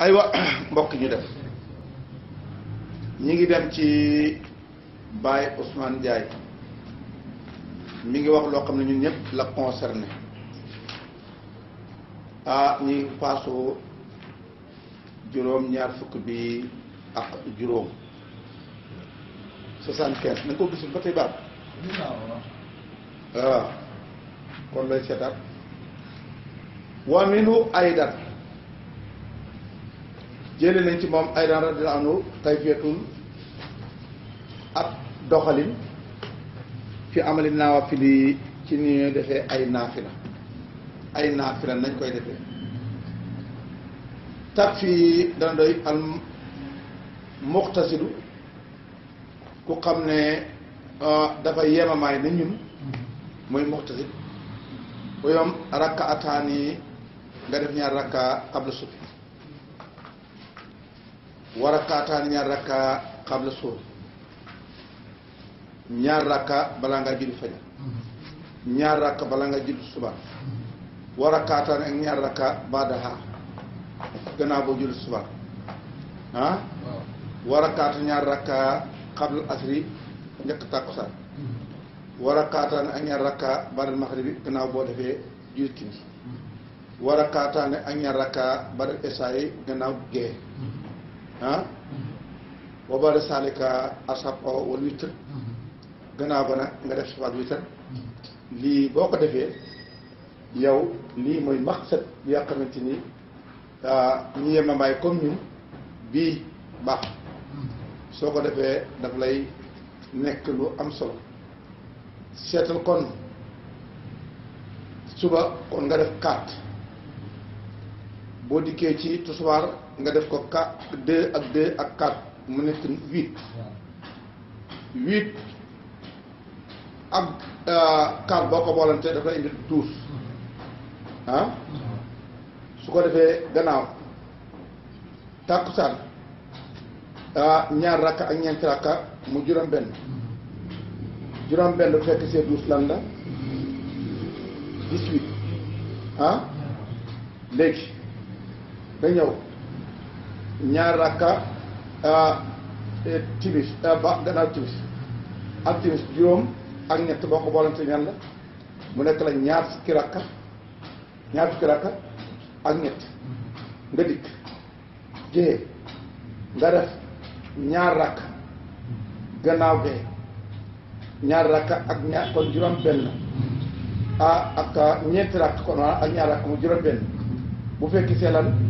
aywa mbokk ñu def ñi ngi dem ci Baye Ousmane jaay mi ngi wax loo xam ne ñun ñëpp la concerné ah ñi paasoo juróom ñaar fukk bi ak juróom soixante quinze na ko gisul ba tey baab kon looy seetaat wa minhu aydan jëlee nañ ci moom aydan radiyallahu anhu kayfiyatul ab doxalin fi amali nawaafili ci ni ñuy defee ay naafila ay naafila nañ koy defee tab fii dana doy al muxtasidu ku xam ne euh, dafa yemamaay na ñun mooy muxtasid bu yoom rakka ataani nga def ñaar rakka qabla sufi war a xaataani ñaar rakka xabla suur ñaar rakka balaa ngaa julli fajar ñaar rakka balaa nga julli suba war a xaataani ak ñaar rakka baadaha gannaaw suba ah ñaar rakka xabla asri njëkk tàkkusaan war a xaataani ak ñaar rakka baadal maxribi gannaaw boo defee julli timis hmm. war a xaataani ak ñaar rakka baadal esaa gannaaw gee hmm. ah boo baale saalika asapa wala witr gannaaw ba nga def safaat witr lii boo ko defee yow lii mooy maqsad bi nga xamante ni ah, ñu yemamaay comme ñun bii baax soo ko defee daf lay nekk lu am solo seetal kon suba kon nga def carte boo dikkee ci tusubaar nga def ko 4 2 ak 2 ak 4 mu nekk 8 8 ak 4 euh, boo ko boolante daf lay indi 12 ah su ko defee gannaaw tàkkusaan euh, ñaar rakka ak ñeenti rakka mu juróom benn juróom benn fekk see douze lan la huit ah léegi da ñëw ñaar rakka ah, eh, timis ah, ba gannaaw timis ak timis juróom ak ñett boo ko boolante ñan la mu nekk la ñaar fukki rakka ñaar fukki rakka ak ñett nga dikk géey nga def ñaar rakka gannaaw gee ñaar rakka ak ñaar kon juróom benn ah, ak ñeenti rakk kon waa ak ñaar rakk mu juróom benn bu fekki seelan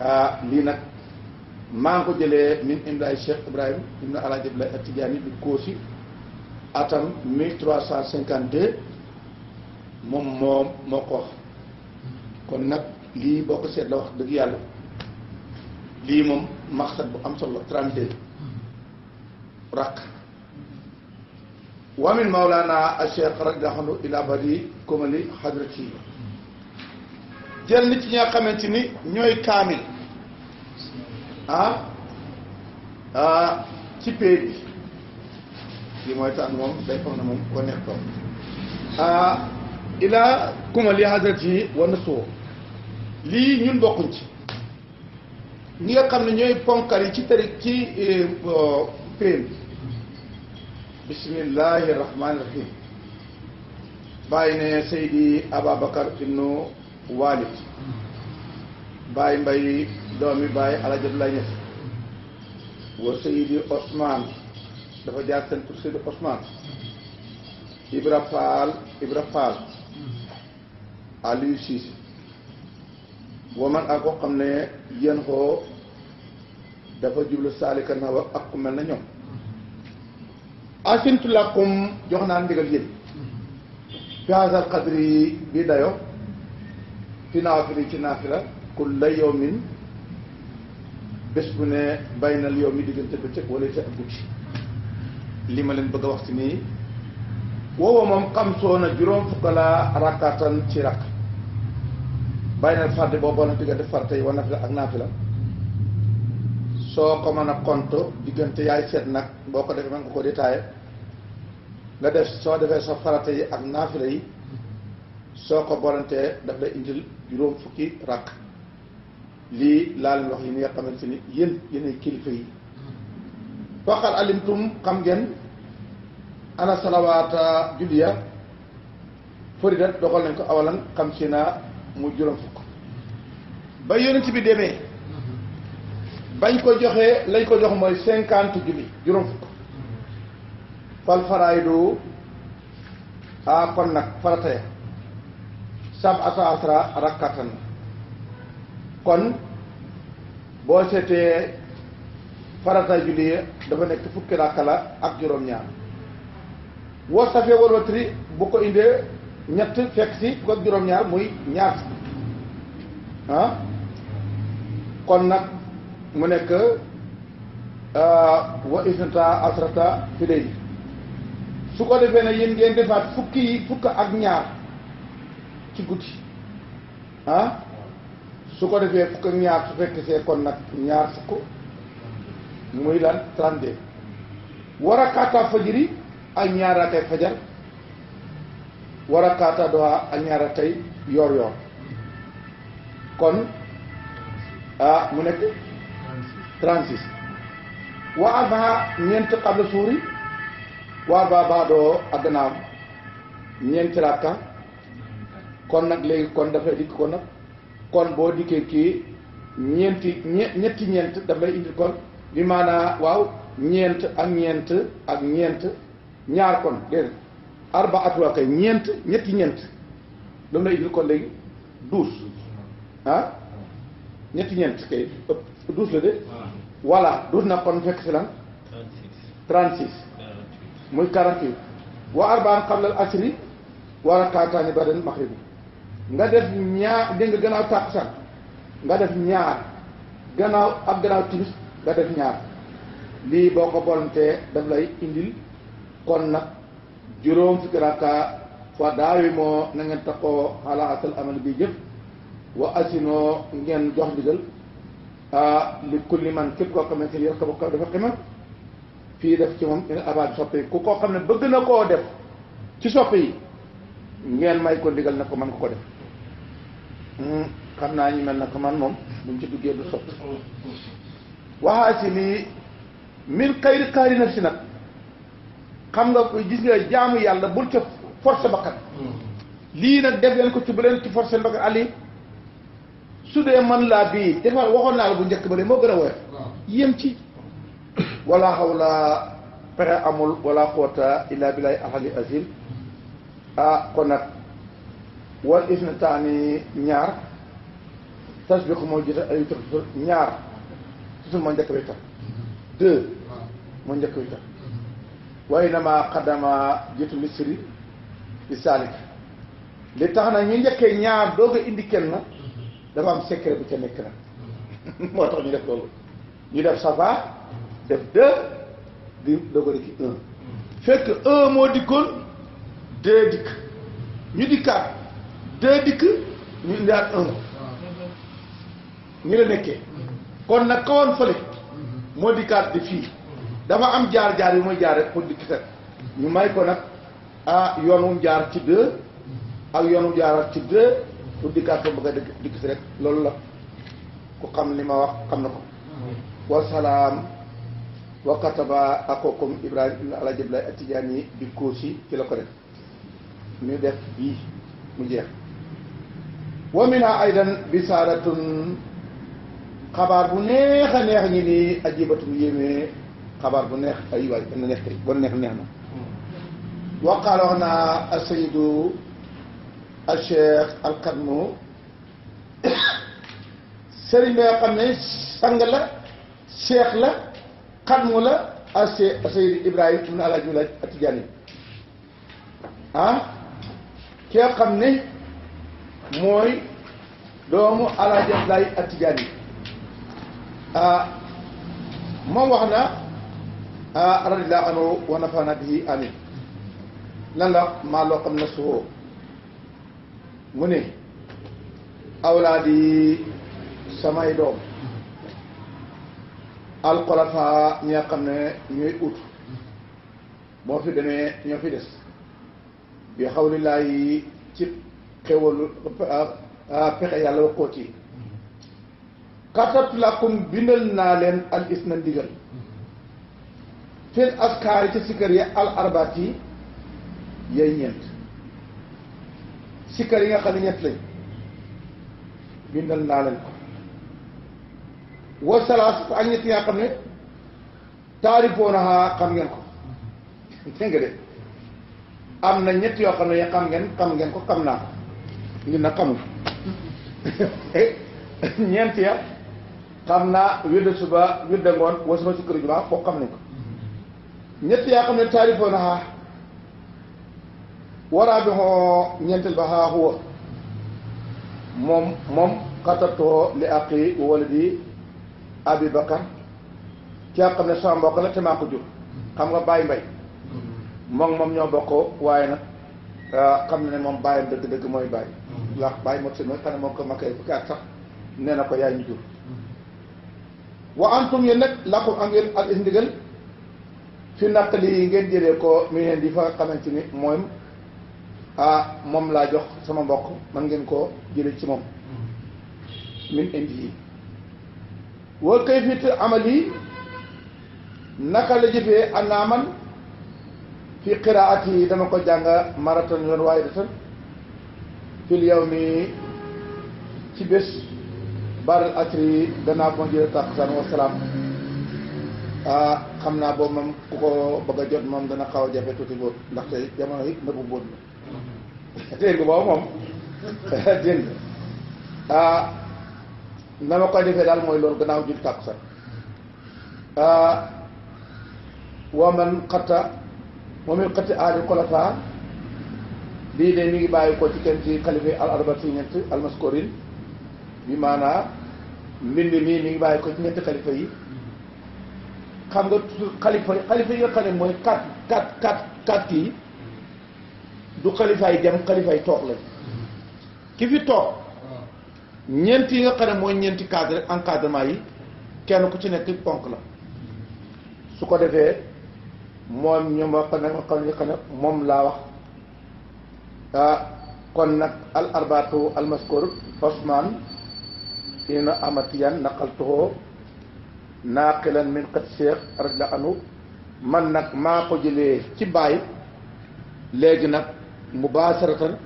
Ah, lii nag maa ngi ko jëlee min imlaay Cheikh Ibrahim ibn Alaaji Ibrahim Atijaani bi Koosi atam moom moom moo ko wax kon nag lii boo ko seet la wax dëgg yàlla lii moom maxsad bu am solo 32 rakk wamin mawlaana a Cheikh radiyallaahu anhu ilaa bari komali hadrati jël nit ñi nga xamante ni ñooy kaamil ah, ah ci pay bi lii mooy moom day foog na moom ko nekk ah, ilaa kumal yaa xasrat yi war na lii ñun bokkuñ ci ñi nga xam ne ñooy ponkar yi ci tari ci eh, pay bi bismillahi rahmaani bàyyi ne Seydi Ababacar ibnu Walid Baye Mbaye doomi Baye Alaaji Abdoulaye Niass wa Seydi Ousmane dafa jaar seen pour Seydi Ibra Fall Ibra Fall Aliou Cissé wa man ak koo xam ne yéen xoo dafa jublu saalika na wax ak mel na ñoom asintu jox naa ndigal yéen fi haasal xadri bi dayo fi naafili ci naafila kulla yawmin bés bu ne baynal yawmi diggante bëccëg wala ca ak guddi li ma leen bëgg a wax ci nii woowa moom xam soo na juróom fukk laa rakkaatan ci rakk baynal farde boobu nag diggante farde yi wa naafila ak naafila soo ko mën a compte diggante yaay seet nag boo ko defee mën nga ko détaillé nga def soo defee sa farata yi ak naafila yi soo ko bolantee daf lay indil juróom fukki rakk lii laa leen wax yi nga xamante ni yéen yéenay kilifa yi faqat alimtum xam ngeen ana salawaata julliya faridat doxal nañ ko awalan xam si naa mu juróom fukk ba yonent bi demee bañ ko joxee lañ ko jox mooy cinquante julli juróom fukk fal faraayidu ah kon nag farata ya sab'ata asra rakkatan kon bo sété farata julli dafa nek fukki rakala ak juróom-ñaar wo safé wol watri bu ko indé ñett fekk ci ko juróom-ñaar muy ñaar ha ah? kon nak mu nek euh ah, wa isnta asrata fi day su ko defé ne yeen ngeen defat fukki yi fukk ak ñaar ci guddi ah? su ko defee fukk ak ñaar su fekk see kon nag ñaar fukk muy lan trente war a kaata fajiri ak ñaara kay fajar war a kaata doxa ak ñaara kay yor yor kon ah, mu nekk trente-six wa arbaxa ñeent xabla suuri wa arba baadoo ak gannaaw ñeenti rakka kon nag léegi kon dafay dikk kon nag kon boo dikkee kii ñeenti ñetti ñeent dafay indi kon bi maanaa waaw ñeent ak ñeent ak ñeent ñaar kon dégg arba atuwa kay ñeent ñetti ñeent lu lay indi kon léegi douze ah ñetti ñeent kay ëpp douze la de voilà douze nag kon fekk si lan trente six muy quarante huit wa arbaan qabla al asri wa rakaataani badan maxribi nga def ñaar dégg nga gannaaw tàkkusaan nga def ñaar gannaaw ak gannaaw timis nga def ñaar lii boo ko bolontee daf lay indil kon nag juróom fukki rakka fa daawi moo na ngeen takkoo xalaatal amal bi jëf wa asinoo ngeen jox ndigal li kulli man képp koo xamante ni yar ko bokk dafa xima fii def ci moom ina abaat soppe yi ku koo xam ne bëgg na koo def ci soppe yi ngeen may ko ndigal na ko man ko ko def Hmm, xam naa ñu man na ko man moom buñ ci duggee du sotti waxaa si lii min xayri xaari naf si nag xam nga gis nga jaamu yàlla bul ca forcé bakkan hmm. lii nag def leen ko ci bu leen ci forcé bakkan ali su dee man laa bii defar waxoon naa la bu njëkk ba de moo gën a woyof hmm. yem ci wala xawla pexe amul wala xoota illa billahi alali azim ah, kon nag wal isnataani ñaar tasbiqu mooy jiital ay taf ñaar tusul mooy njëkk wittar deux mooy njëkk wittar waaye nama xaddama jiitu misri bi li tax na ñu njëkkee ñaar doog a indi kenn dafa am secret bu ca nekk na moo tax ñu def loolu ñu def safa def deux di doog a dikki fekk moo dikkoon deux dikk ñu dikkaat deux dikk ñu indiwaat un ni la nekkee kon nag kawoon fële moo dikkaat di fii dafa am jaar-jaar yu muy jaar rek pour dikk set ñu may ko nag ah yoonu jaar ci deux ak yoonu jaaraat ci deux pour dikkaat fa bëgg a dikk dikk si rek loolu la ku xam li ma wax xam na ko wasalaam wa kataba akookum ibrahima ibn alaaji abdulaay atijaani bi kóosi ci la ko def ñu def bii mu jeex wa minha aydan bisaaratun xabaar bu neex a neex ñi ni ajibatu bu yéemee xabaar bu neex ay waay na neex kay bon neex neex na waqaal wax naa asayidu alcheikh alkadmu sëriñ bi nga xam ne sang la cheikh la kadmu la asayid ibrahim ibn alaaji wulaaj atijaani ah ki nga xam ne mooy doomu alaaji Abdoulaye Atijaani ah moom wax na ah radiyallaahu anhu wa nafaanaa bihi amiin lan la maa loo xam ne suufoo mu ne awlaadi samay doom alxulafa ñi nga xam ne ñooy ut boo fi demee ñoo fi des bi xawlillaahi ci. xéwalu pexe yàlla wax koo ci katab lakum bindal naa leen al isna ndigal fil askaar yi ci sikkar yi al arbaat yi yay ñeent sikkar yi nga xam ne ñett lañ bindal naa leen ko wa salaas ak ñett nga xam ne taarifoonaha xam ngeen ko dégg de am na ñett yoo xam ne xam ngeen xam ngeen ko xam naa ñun nag xamul ñeent ya xam naa wirde suba wirde ngoon waa suba si kër jumaa foog xam ne ko ñett yaa xam ne taarifoo na xaa waraa bi xoo ñeenteel ba xaa xuwa moom moom xatatoo li àqi wala di abi bakar ci xam ne sama mbokk la te maa ko jur xam nga bàyyi mbay mm-hmm. moom moom ñoo bokk waaye nag ah, xam ne moom bàyyam dëgg-dëgg mooy bàyyi laax bàyyi mot seen xanaa moo ko makkay fukki at sax nee na ko yaay ñu jur wa antum yéen nag laqul am ngeen al indigal fi naq lii ngeen jëlee ko mi neen di fa nga xamante ni mooy moom laa jox sama mbokk man ngeen ko jëlee ci moom min indi yi wal kayfit amal yi naka la jëfee anaaman fi qiraat yi dama ko jàng maraton yoon waaye da tan fil yow mi ci bés baral asri danaa ko jël tàkkusaan wa salaam ah xam naa boobu moom ku ko bëgg jot moom dana xaw a jafe tuuti bóot ndaxte jamono yi nëbbu bóot la dégg boobu moom dégg nga koy defee daal mooy loolu gannaaw jul tàkkusaan wa man xatta moom it xatti aari xolofaa lii de mi ngi bàyyi ko ci kenn ci xalifa al arbati ñett almaskorin bi maanaa mbind mii mu ngi bàyyi ko ci ñetti xalifa yi xam nga xalifa xalifa yi nga xam ne mooy kat kat kat kat kii du xalifaay jam xalifaay toog lañ ki fi toog ñeent yi nga xam ne mooy ñeenti cadre encadrement yi kenn ku ci nekk ponk la su ko defee moom ñoom wax moom laa wax kon nag al arbaatu al maskur osman ibn amatiyan tidiane naqaltuhu naaqilan min qat cheikh radiyallahu anhu man nag maa ko jëlee ci baay léegi nag mubaasaratan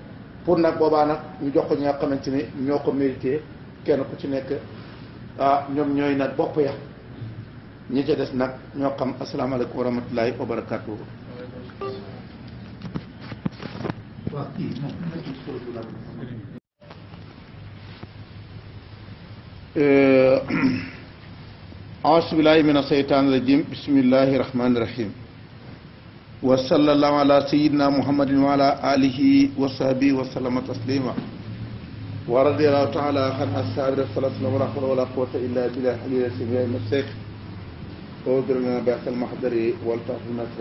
pour nag boobaa nag ñu jox ko ñi nga xamante ni ñoo ko mérité kenn ku ci nekk ah ñoom ñooy nag bopp ya ñi des nag ñoo xam asalaamaaleykum wa rahmatullahi wa barakaatuhu آه، أعوذ بالله من الشيطان الرجيم بسم الله الرحمن الرحيم وصلى الله على سيدنا محمد وعلى آله وصحبه وسلم تسليما ورضي الله تعالى عن أصحاب رسول الله ولا حول ولا قوة إلا بالله العلي السميع المسيح اغفر لنا بأس المحضر والتعفو الناس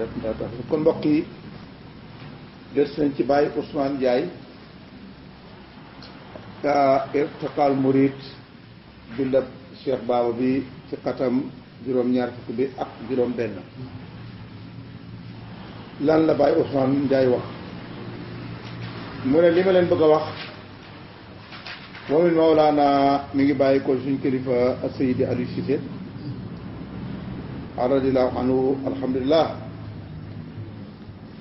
كن بقي des nañ ci bàyyi Ousmane Ndiaye ka irtiqal murid bindab Cheikh bi ci xatam juróom-ñaar fukk bi ak juróom benn lan la bàyyi Ousmane Ndiaye wax mu ne li ma leen bëgg a wax moomin Mawlaana mi ngi bàyyi ko suñ kilifa Seydi Aliou Cissé radiyallahu anhu alhamdulilah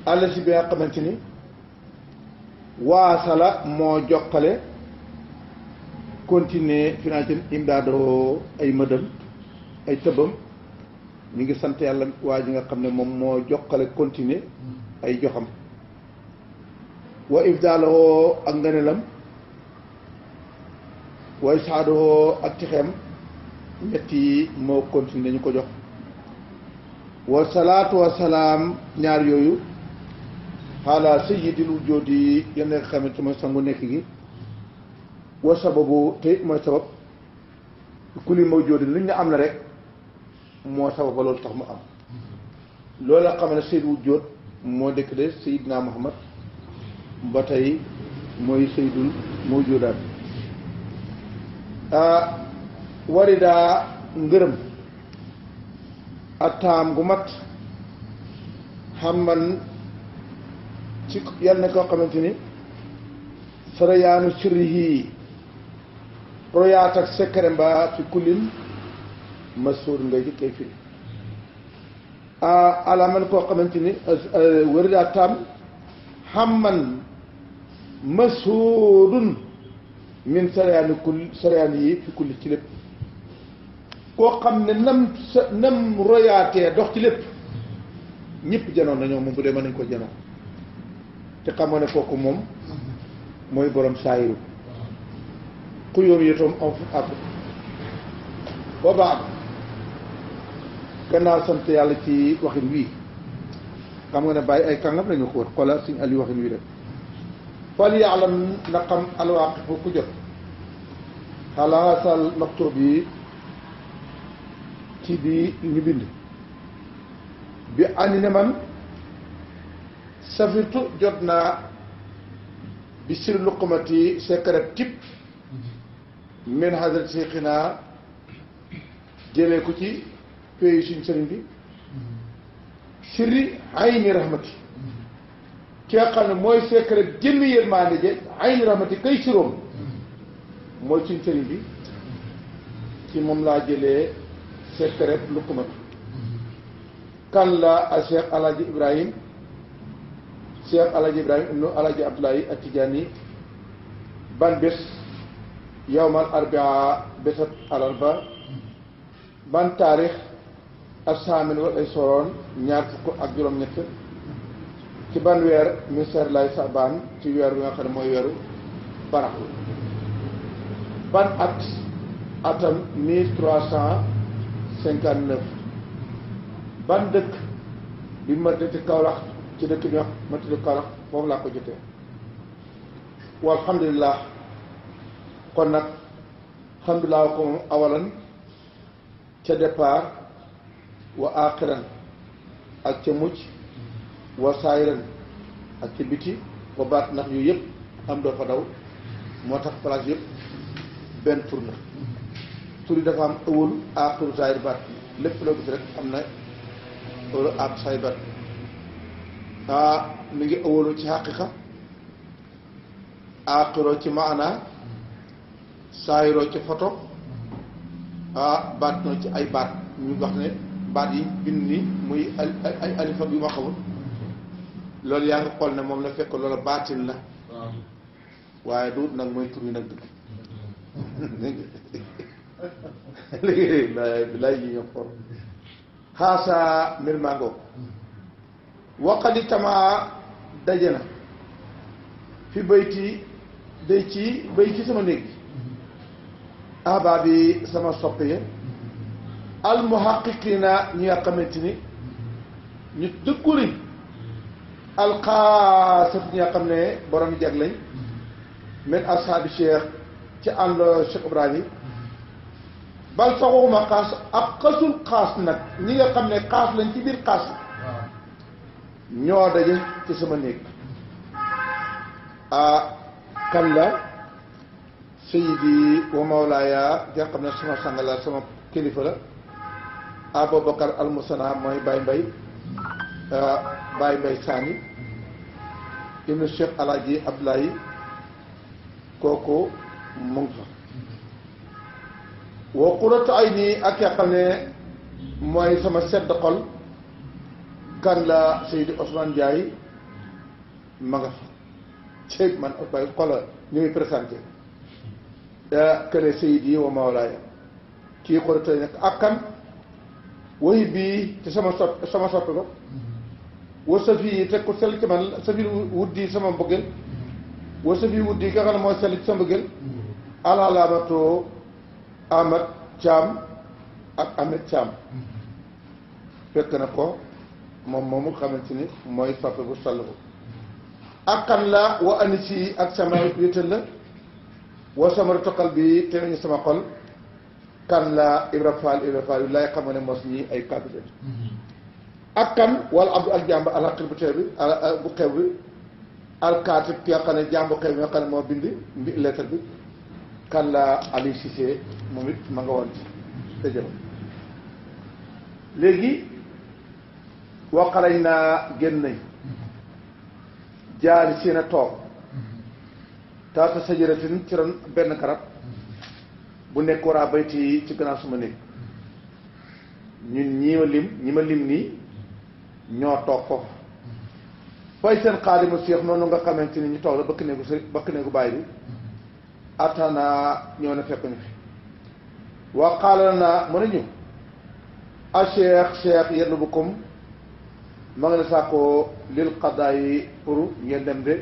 allati bi nga xamante ni waasala moo jokkale continuer financen imdaadoo ay mëdam ay tëbam ñu ngi sant yàlla waa ji nga xam ne moom moo jokkale continuer ay joxam wa ifdaaloo ak ngëneelam wa isaadoo ak texeem ñett moo continuer ñu ko jox wa salaatu wa salaam ñaar yooyu haala sayyidil wujoodi yéen nga xamante mooy sangu nekk gi wa sababu te mooy sabab kulli mawjoodi lu ñu am na rek moo sababa loolu tax mu am loolu la xam ne sayyid wujood moo dëkk de sayyidna Muhammad ba tey mooy sayyidul mawjoodaat ah, waridaa ngërëm attaam gu mat xam man ci yàlla na koo xamante ni sarayaanu sirrihi royaat ak sekkare mbaa fi kullin masuur nga gi tey firi alaaman koo xamante ni wér daa taam xamman masuudun min sarayaanu kull sarayaan yi fi kulli ci lépp koo xam ne nam sa nam royaatee dox ci lépp ñëpp janoon nañoo moom bu dee mën nañ ko janoon te xam nga ne kooku moom mooy borom saayiru ku yoom yëtoom am fu gannaaw sant yàlla ci waxin wii xam nga ne bàyyi ay kàngam lañu xóot xoola suñ ali waxin wii rek fal yaalam na xam alwaaqifu ku jot xalaasal maktub yi ci bi ñu bind bi ànd man safirtu jot naa bi sir luqumati secret tip min hadrat seexinaa jëlee ko ci pays suñ sëriñ bi sirri ayni rahmati ki ne mooy secret jëmmi yërmaande je ayni rahmati kay siroom mooy suñ sëriñ bi ci moom laa jëlee secret luqumati kan la a Cheikh Alaaji Ibrahim Cheikh Alaji Ibrahima ibnu Alaji Abdoulaye ak Tijaani ban bés yowmal arbia bésab alarba ban taarix ak saamin wal ay soroon ñaar fukk ak juróom-ñett ci ban weer ministère lay sabaan ci weer bi nga xam ne mooy weeru baraxlu ban at atam ban dëkk bi ma dëkk Kaolack ci dëkk bi wax ma tudd Kaolack foofu laa ko jotee walhamdulilah kon nag alhamdulilah ko moom awalan ca départ wa aaxiran ak ca mucc wa saayiran ak ca biti wa baat ndax yooyu yëpp am doo fa daw moo tax place yëpp benn tur la tur yi dafa am ëwul aaxiru saayir baat lépp loo gis rek am na ëwlu aaxiru saayir baat ah mi ngi ëwalu ci xaqiqa aaxiroo ci maanaa saayiroo ci photo ah baatinoo ci ay baat ñu wax ne baat yi bind ni muy alifa yu ma xamul loolu yaa ngi xool ne moom la fekk loola baatin la waaye du nag mooy tur yi nag dëgg léegi bilaay nga xor xaasa mbir waqadi tamaa daje na fi bayti day ci bay ci sama néeg ahbaab yi sama soppe ya almuhaqiqina ñi nga xamante ni ñu dëkku lañ alxaasat ñi nga xam ne borom jag lañ min ashaabi cheikh ci ànd cheikh ibrahim yi bal sax waxuma xaas ak xasul xaas nag ñi nga xam ne xaas lañ ci biir xaas ñoo daje ci sama néeg a ah, kan la sayyidi wa mawlaaya nga xam ne sama sang la sama kilifa la Aboubacar almusana mooy Baye Mbaye ah, Baye Mbaye Sani ibnu Cheikh Alaaji Abdoulaye kooku mu fa wa qurratu ayni ak yaa xam ne mooy sama sedd xol kan la Seydi Ousmane Ndiaye ma nga fa Seydi man bay xola ñu muy présenté da kële Seydi wa Mawlaaya kii xol tey nekk ak kan woy bii te sama sopp sama soppe ko wa sa fii teg ko sell ci man sa fii wuddi sama mbëggeel wa sa fii wuddi ka xam ne mooy sell ci sama mbëggeel alaalamatoo Caam ak Amet Caam fekk na ko moom moom moomu xamante ni mooy soppe bu soll ak kan la wa anisi yi ak sama wétal la wa sama toqal bi te nañu sama xol kan la Ibra Fall Ibra Fall yu laay xamoon ne mos ñi ay kàddu de ak kan wala abdu al jàmb alaqil bu teew bi bu xew bi alkaatib ki nga xam bi nga bi kan la Ali moom it ma nga woon léegi waqalañ naa génn nañ jaali seen a toog taata sajaratin ci ron benn garab bu nekk war a bayti ci gannaaw suma néeg ñun ñi ma lim ñi ma lim nii ñoo toog foofu fay seen xaadimu seex noonu nga xamante ne ñu toog la bëkk néegu sëriñ bëkk néegu baay bi attana ñoo ne fekk ñu fi waa xaalal naa mën a ñëw a seex seex yenn bu kom ma nga ne sàkkoo lil xaddaa yi pour ngeen dem de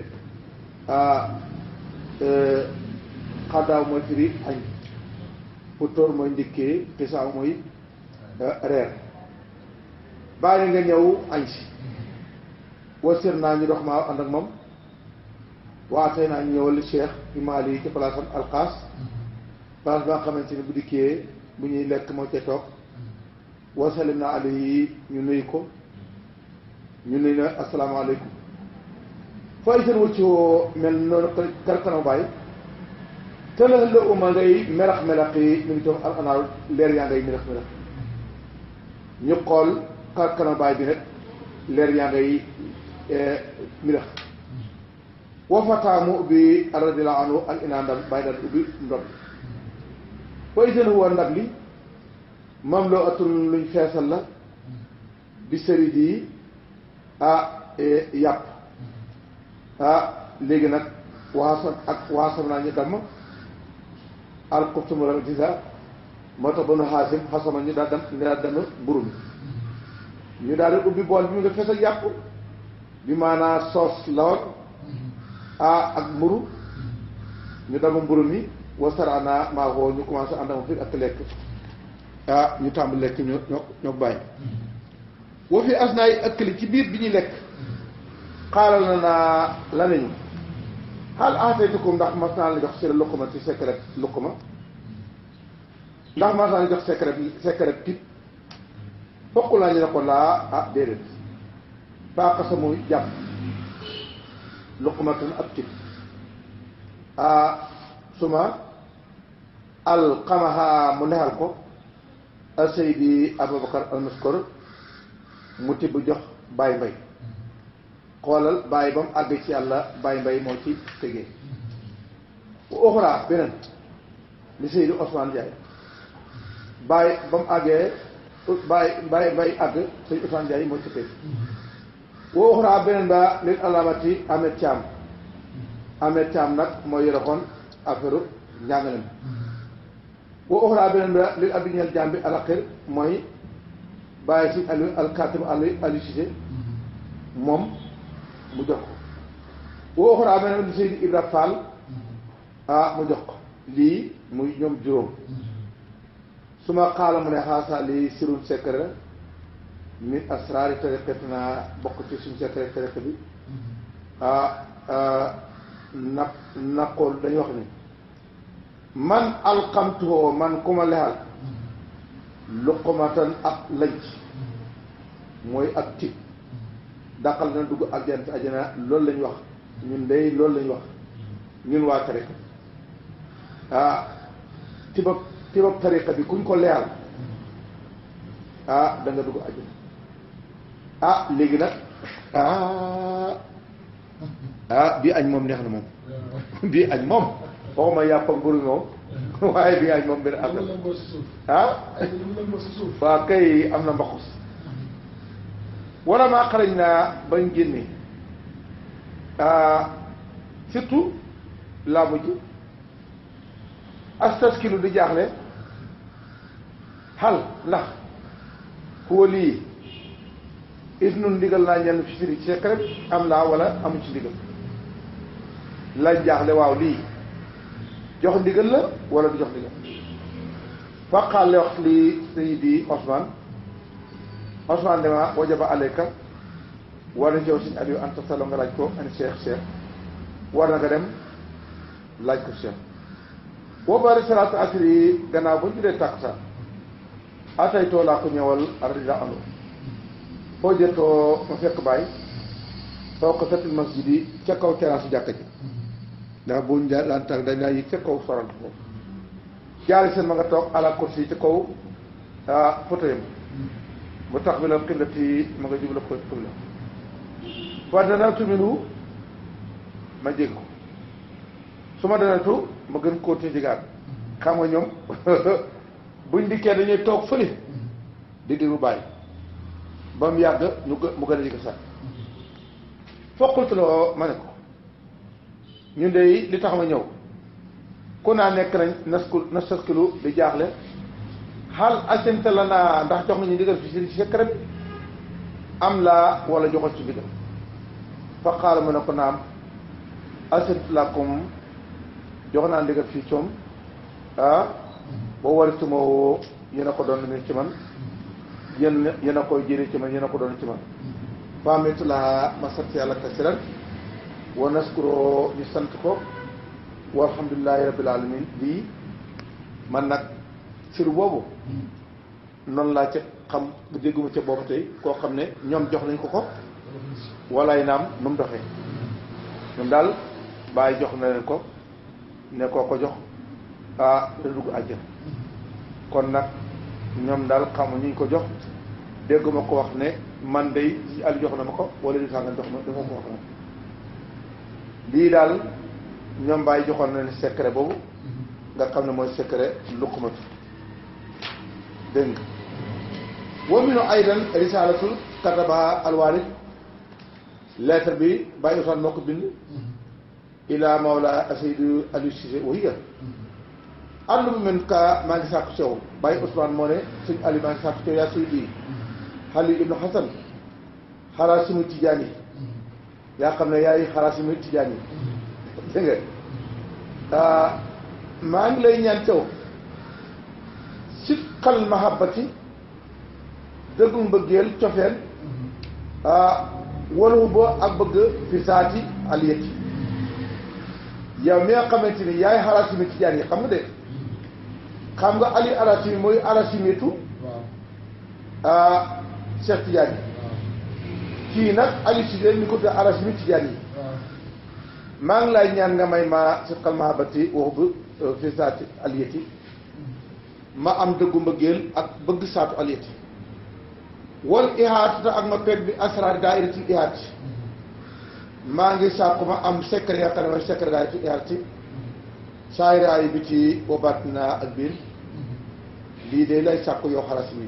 xaddaaw ah, euh, mooy firi añ futóor mooy ndikkee xisaaw mooy euh, reer bàyyi nga ñëw añ si wasir naa ñu dox maa ànd ak moom waatee naa ñu ñëwal cheikh imaali yi ci palaasam alxaas palaas ba nga xamante ni bu dikkee bu ñuy lekk moo cay toog wasalim naa ali yi ñu nuyu ko ñu ne la asalaamaaleykum fooy seen wut ci woo noonu kar kanam bàyyi la uma ngay melax melax melax ñu xool kar kanam bi nag leer yaa ngay eh, melax wa fataamu ubbi radiyallahu anhu al inaa ndam bàyyi daal ubbi ndox fooy seen woo ndab li mam loo atul luñ feesal la bi sëriñ ah yàpp ah léegi nag waasa ak waasa naa ñu damm alxurtumu ramatisaa moo tax ba nu xaasim xasama ñu daal dem daal dem mburu mi ñu daal di ubbi bool bi mu nga fees ak yàpp bi maanaa soos la woon ah ak mburu ñu dama mburu mi wasaraana maa ñu commencé ànd ak moom fii ak lekk ah ñu tàmbali lekk ñoo ñoo bàyyi wa fi asnaay ëkkali ci biir bi ñuy lekk xaaral na naa la nañu xaal aataytukum ndax mas naa la jox seen luquma ci secret luquma ndax mas naa la jox secret secret pip fokk laa ñu ne ko laa ah déedéet faaqasa mu jàpp luqumatan ab pip ah suma alqamaha mu nexal ko asaydi abubakar almaskur mu tibb jox Baye Mbaye xoolal Baye ba mu àgg ci yàlla Baye Mbaye moo ci tegee bu uxraa beneen li Seydi Ousmane Ndiaye Baye ba mu àggee Baye Baye Mbaye àgg Seydi Ousmane Ndiaye moo ci tege bu uxraa beneen ba lil alaamati Ahmed Thiam Ahmed Thiam nag moo yore kon affaire njàngale mi bu uxraa beneen ba lil abdi ñeel jaam bi alaaxir mooy. bàyyi si al alkatib Aliou Cissé moom mu jox ko woo xooraa mel ne Seydi Ibra Fall ah mu jox ko lii muy ñoom juróom su ma xaala mu ne xaasa lii sirun secret min asraari tariqatina bokk ci suñu secret tariqa bi ah na naqool dañu wax ni man alxamtuhoo man ku ma lexal luqumatan ak lajj mooy ak tiit dàqal na dugg ak jant ajana loolu lañ wax ñun day loolu lañ wax ñun waa tariqa ah tibab tibab tariqa bi kuñ ko leeral ah da nga dugg ajana ah léegi nag ah ah bii añ moom neex na moom bii añ moom waxuma yàpp ak mburu moom waaye bi añ moom benn affaire ah waaw kay am na mbaxus wala maa xarañ naa bañ génne surtout laa mujj astaskilu di jaaxle xal ndax ku lii it nun ndigal naa ñenn ci siri ci am naa wala amu ci ndigal lañ jaaxle waaw lii jox ndigal la wala du jox ndigal faqaale wax li sayidi Ousmane Ousmane dama wajaba aleyka war na jow suñu Aliou Anta Sall nga laaj ko ani Cheikh Cheikh war na nga dem laaj ko Cheikh boo bari salaatu asri yi gannaaw ba ñu dee tàkkusaan atay toolaa ko ñëwal arida anu foo ma fekk bàyyi soo ko setil masjid yi ca kaw terrasse jàkka ji ndax bu ñu daan tax dañ laa yëg ca kaw faral ko jaali seen ma nga toog ala si ca kaw ah fauteuil mu tax bi la xiblati ma nga jublu ko xibla fa danatu minu ma jég ko su ma danatu ma gën koo ci jigaat xam nga ñoom buñ dikkee dañuy toog fële di diru bàyyi ba mu yàgg ñu mu gën a jig sax foqultu ma ne ko ñu dey li tax ma ñëw ku naa nekk nañ nasku nastaskilu di jaaxle xaal asente la naa ndax jox nañu ñu ndigal fi si secret am laa wala joxal ci ndigal fa xaala mu ne ko naam asent lakum jox naa ndigal fii coom ah boo waritumoo yéen a ko doon ni ci man yéen yéen a koy jëlee ci man yéen ko doon ci man faamitu laa ma sant yàlla kasiran wa naskuro ñu sant ko walhamdulilahi rabbil alamin lii man nag sir boobu noonu laa ca xam bu dégguma ca boobu tey koo xam ne ñoom jox nañ ko ko walaay naam nu mu doxee ñoom daal baay jox na leen ko ne koo ko jox ah da dugg àjjana kon nag ñoom daal xamu ñu ko jox dégguma ko wax ne man day ali jox na ma ko wala ñu sàngan jox ma dama ko wax na lii daal ñoom bàyyi joxoon na leen secret boobu mhm. nga xam ne mooy secret luqmatu dégg nga wa minu aydan risalatu katabaha alwalid lettre bi bàyyi utaan moo ko bind mhm. ila mawla asaydu aliou Cissé wahiya àllum mhm. min ka maa ngi sàkku cew bàyyi Ousmane moo ne suñ ali maa ngi sàkku cew yaa suy bii xali ibnu xasan xaraa sumu tijaani yaa xam ne yaay xaraas tijaan yi dégg maa ngi lay ñaan taw sidqal mahabbati dëggu mbëggeel cofeel walu boo ak bëgg fi saati aliyati yow mi nga xamante ni yaay xarasimi tijaan yi xam nga de xam nga ali arasimi mooy arasimitu Cheikh Tijaan yi kii nag Aliou Cissé mi ko tuddee arrangé bi tijaan yi maa ngi lay ñaan nga may ma sirqal mahabati wax bu euh, fi saati aliyati ma am dëggu mbëggeel ak bëgg saatu aliyati wal ihaatata ak ma peg bi asraar daairati ihaati maa ngi sàkku ma am secret yaakaar ne mooy secret daairati ihaati saayiraay bi ci wabaat naa ak biir lii de lay sàkku yow xaras mi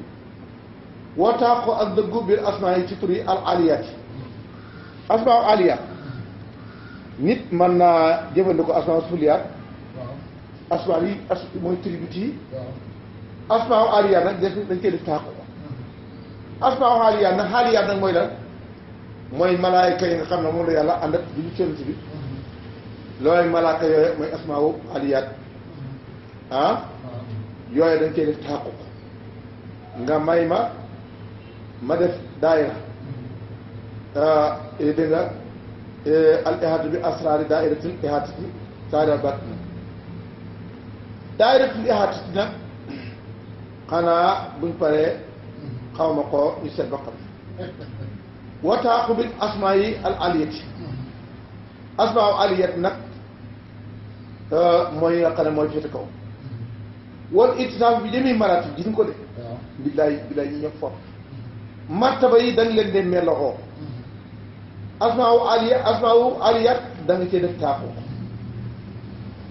wootaa ko ak dëggu biir asmaa yi ci tur yi al aliyaat yi asmaa aliyaat nit mën naa jëfandikoo asmaa suliyaat asmaa yi as mooy tribut yi asmaa aliyaat nag dañ koy def taako asmaa aliyaat nag aliyaat mooy lan mooy malaayka yi nga xam ne moom la yàlla ànd ak du ñu seen bi looy malaaka yooyu mooy asmaawu aliyaat mm-hmm. ah? yooyu dañ koy def taako nga may ma ma def daayira eh, dégg nga eh, al ihaatu bi asraari daayiratul ihaatati saari al baatini daayiratul ihaatati nag xanaa buñ paree xaw ko ñu seet ba xam wataaku bil asmaa al aliyati asmaa al aliyat nag eh, mooy yi nga ne mooy féete kaw wal ittisaaf bi jëmi maraati gis nga ko de billaay billaay ñu ñëpp foofu martaba yi da nga leen dee meloxoo asmaawu aliya asmaawu cee def taaxu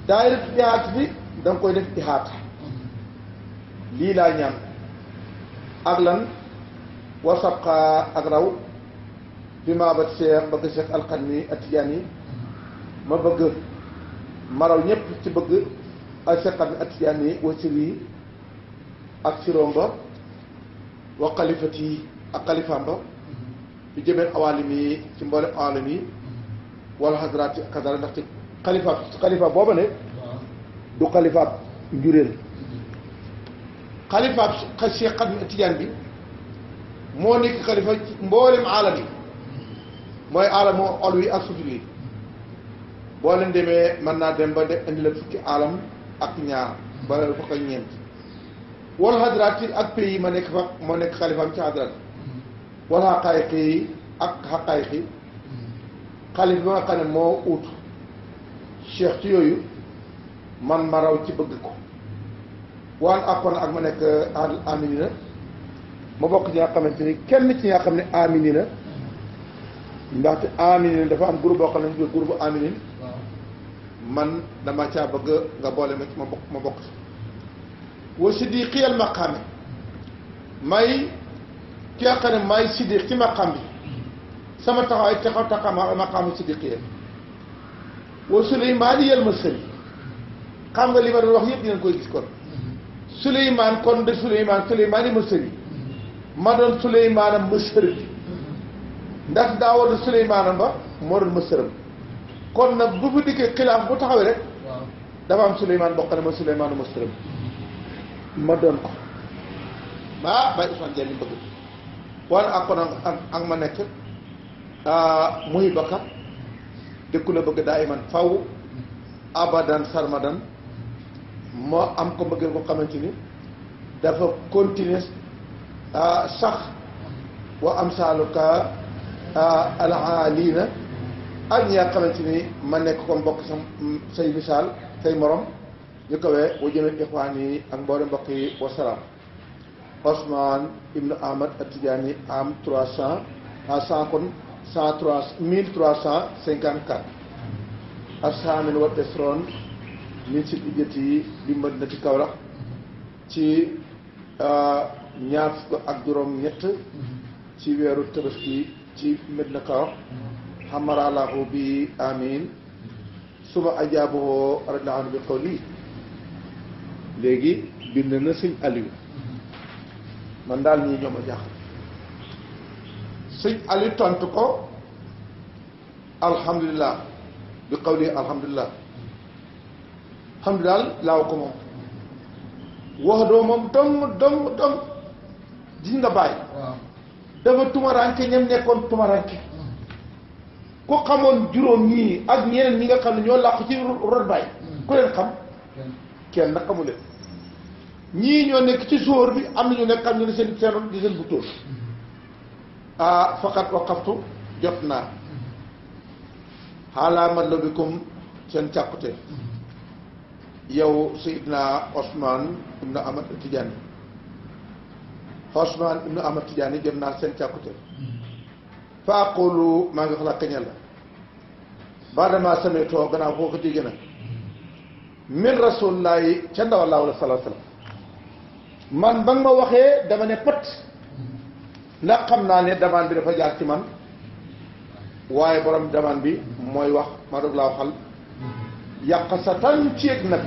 daayira ihaat bi da nga koy def ihaat lii laa ñaan ak lan war sabqa ak raw bi ma bat seex bëgg seex alxan mi atijaan ma bëgg ma raw ñépp ci bëgg ak seex alxan mi atijaan yi wasir ak siromba wa xalifat ak xalifaam ba fi jëmeen awaalim yi ci mboolem awaalim yi wala xasaraat ci xasara ndax ci xalifaab xalifaab booba ne du xalifaab njuréel xalifaab Cheikh Xadim Tijaan bi moo nekk xalifa mboolem aalam yi mooy aalam moo ol ak suuf boo leen demee mën naa dem ba de indi la fukki aalam ak ñaar ba fukk ak ñeent wala xadaraat ak pays ma nekk fa moo nekk xalifaam ci xadaraat wala xaqaayiq yi ak xaqaayiq yi xalif ba nga xam ne moo ut cheikh ci yooyu man ma raw ci bëgg ko waan àppoon ak ma nekk ah, aminina ma bokk ci nga xamante ni kenn ci nga xam ne aminina ndaxte aminina dafa am groupe boo xam ne groupe bu aminin man dama caa bëgg nga boole ma ma bokk ma bokk wa siddiqiyal maqaami may ki nga xam ne maay siddiq ci maqam bi sama taxawaay taxaw taxaw maqaamu siddiq yéen wa suleymaan yal ma sëri xam nga lima ma doon wax yëpp dinañ koy gis kon suleymaan kon de suleymaan suleymaan yi ma sëri ma doon suleymaanam ma sëri ndax daawoon suleymaanam ba moo doon ma sëram kon nag bu fi dikkee xilaaf bu taxawee rek dafa suleymaan bokk na ma suleymaanu ma sëram ma doon ko ah bay Ousmane Diagne bëgg wala ak ak ma nekk ah, muy baka di ku la bëgg daa iman faw abadan sarmadan moo am ko mbëggeel ko xamante ni dafa continuer ah, sax wa am saaluka ah, alaalina ak ñi nga xamante ni ma nekk ko mbokk sa say misaal say morom ñu kawee wa jëmee ixwaan yi ak mboolem mbokk yi Ousmane ibnu Ahmad At-Tidjani am trois cent à cent kon cent trois mille cinquante quatre ashamin wa esron min si ijjati bi mën na ci Kaolack ci euh, ñaar fukk ak juróom ñett ci weeru tabaski ci Medina Kaolack xamaralaahu bi amin suma ajaabuhoo radiyallaahu anhu bi qawli léegi bind na sëñ Aliou man daal ñii ñoo ma jaaxal sëñ Ali ko alhamdulilah bi qawli alhamdulilah alhamdulilah laaw ko moom wax doo moom dong dong nga bàyyi. dafa tumaranke ñam nekkoon tumaranke ku xamoon juróom ñii ak ñeneen ñi nga xam ne ñoo làqu ci rot bàyyi hmm. ku leen xam kenn nag xamu ñii ñoo nekk ci sóor bi am na ñu nekk xam ñu seen seen di seen bu tóor mhm. ah, jot naa xaalaa mhm. matlabikum seen càkkute mhm. yow Seydina Ousmane ibnu Ahmad Tidiane Ousmane ibnu Ahmad Tidiane jot naa seen càkkute fa aqulu maa ngi wax la la ba damaa sametoo gannaaw boo ko dégg na min rasulillahi ca ndawal laaw man ba nga ma waxee dama ne pët ndax xam naa ne demande bi dafa jaar ci man waaye borom demande bi mooy wax ma doog laa waxal yàq sa tan ci yëg nag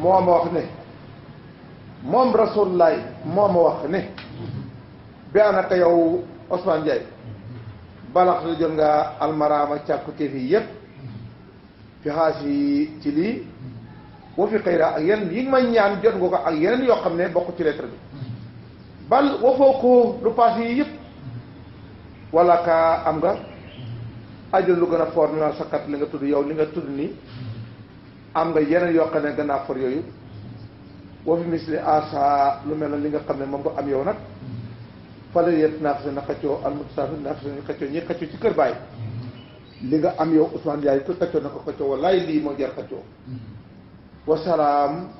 moo ma wax ne moom rasulullaay moo ma wax ne bi anaka yow Ousmane Ndiaye balax la jot nga almaraama càkku téef yépp fi xaas ci lii wafi xëyra ak yeneen yi ma may ñaan jot nga ko ak yeneen yoo xam ne bokk ci lettre bi bal wafoo ko lu paase yi yëpp wala kaa am nga ajal lu gën a foor na sa kat li nga tudd yow li nga tudd nii am nga yeneen yoo xam ne gën a foor yooyu wafi misli asa lu mel na li nga xam ne moom nga am yow nag fale yet naa fi na xëccoo almutasafi naa a xëccoo ñi xëccoo ci kër bàyyi li nga am yow Ousmane Ndiaye ku xëccoo na ko xëccoo wallaay lii moo jar wasalaam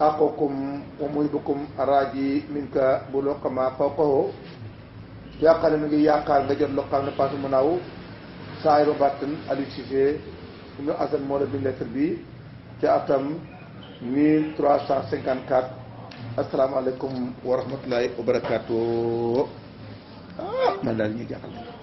aqokum wa muhibukum araji min ka bu loqama fawqahu yaakaar ne mi ngi yaakaar nga jot loqaam ne mu naaw saay ba bàttan Aliou Cissé ibnu Assane moo la bind lettre bi ci atam asalaamaaleykum wa rahmatulahi wa barakaatu ah